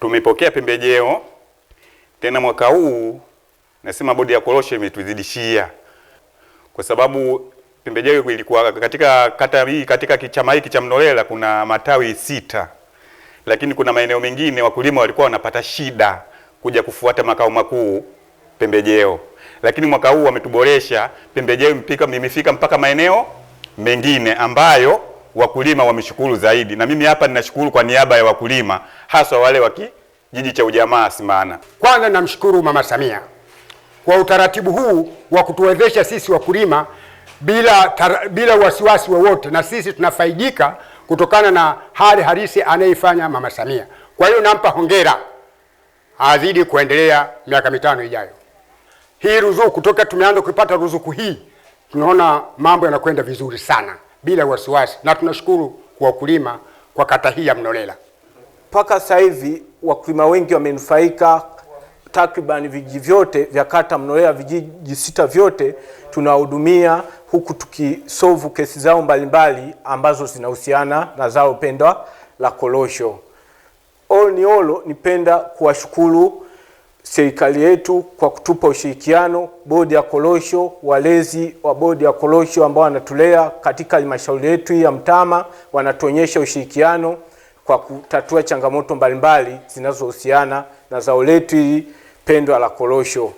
Tumepokea pembejeo tena mwaka huu, nasema bodi ya korosho imetuzidishia kwa sababu pembejeo ilikuwa katika kata hii, katika chama hiki cha Mlolela kuna matawi sita, lakini kuna maeneo mengine wakulima walikuwa wanapata shida kuja kufuata makao makuu pembejeo, lakini mwaka huu wametuboresha pembejeo, imefika mpaka maeneo mengine ambayo wakulima wameshukuru zaidi, na mimi hapa ninashukuru kwa niaba ya wakulima, haswa wale wa kijiji cha ujamaa Simana. Kwanza namshukuru Mama Samia kwa utaratibu huu wa kutuwezesha sisi wakulima bila, tar, bila wasiwasi wowote na sisi tunafaidika kutokana na hali halisi anayeifanya Mama Samia. Kwa hiyo nampa hongera, azidi kuendelea miaka mitano ijayo. Hii ruzuku toka tumeanza kupata ruzuku hii, tunaona mambo yanakwenda vizuri sana bila wasiwasi, na tunashukuru kwa wakulima kwa kata hii ya Mlolela. Mpaka sasa hivi wakulima wengi wamenufaika, takriban vijiji vyote vya kata Mlolela, vijiji sita vyote tunawahudumia, huku tukisovu kesi zao mbalimbali ambazo zinahusiana na zao pendwa la korosho. All ni olo, nipenda kuwashukuru serikali yetu kwa kutupa ushirikiano, bodi ya korosho, walezi wa bodi ya korosho ambao wanatulea katika halmashauri yetu ya Mtama wanatuonyesha ushirikiano kwa kutatua changamoto mbalimbali zinazohusiana na zao letu hili pendwa la korosho.